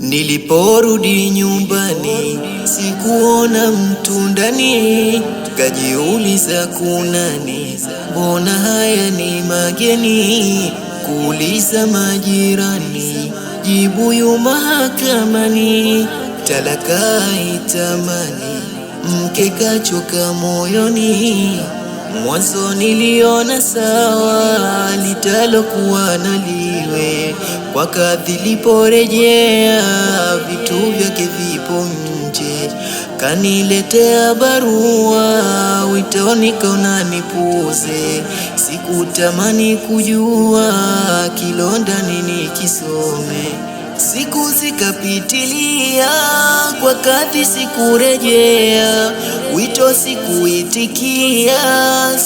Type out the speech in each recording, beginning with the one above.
Niliporudi nyumbani sikuona mtu ndani Nikajiuliza kuna nini, mbona haya ni mageni? Kuuliza majirani, jibu yu mahakamani. Talaka itamani, mke kachoka moyoni. Mwanzo niliona sawa utalokuwa naliwe kwa kadhi liporejea, vitu vyake vipo nje. Kaniletea barua witonikona nipuze, sikutamani kujua kilonda nini kisome. Siku zikapitilia kwa kadhi sikurejea, wito sikuitikia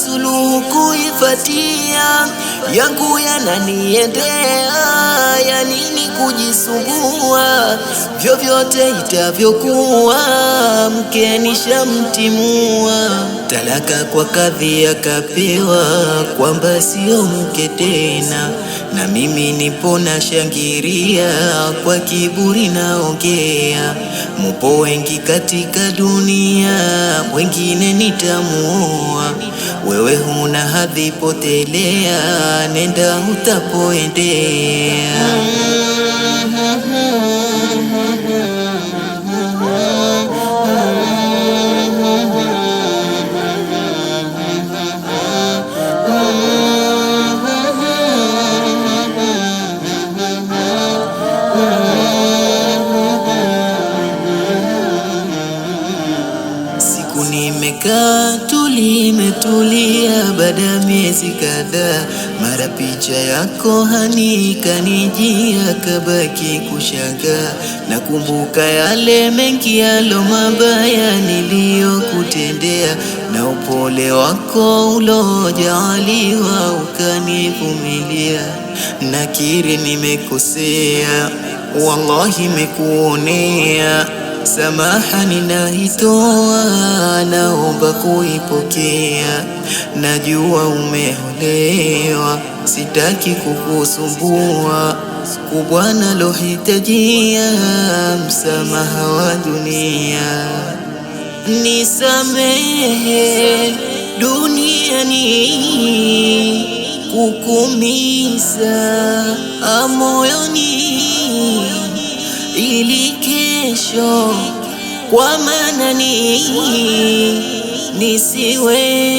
suluhu kunifatia, yangu yananiendea, ya nini kujisumbua? Vyovyote itavyokuwa, mke nishamtimua. Talaka kwa kadhi akapewa, kwamba sio mke tena, na mimi nipo na shangiria, kwa kiburi naongea, mupo wengi katika dunia, wengine nitamuoa Una hadhi potelea, nenda utapoendea. tuli tulimetulia, baada ya miezi kadhaa, mara picha yako hani kanijia, kabaki kushangaa. kumbuka yale mengi yalo mabaya niliyokutendea, na upole wako ulojaaliwa ukanivumilia. Nakiri nimekosea, wallahi mekuonea Samaha ninaitoa, naomba kuipokea. Najua umeolewa, sitaki kukusumbua. Kubwa nalohitajia, msamaha wa dunia. Nisamehe duniani, kukumiza amoyoni ili kesho, kwa maana nii nisiwe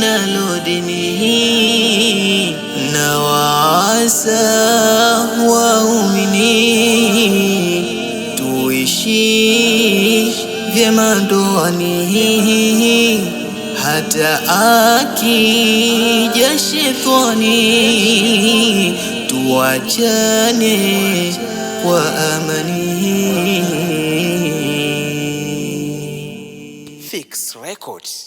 na lodini hii, na waasa waumini tuishi vyema ndoani hata akija shetani tuachane وامني Fix Records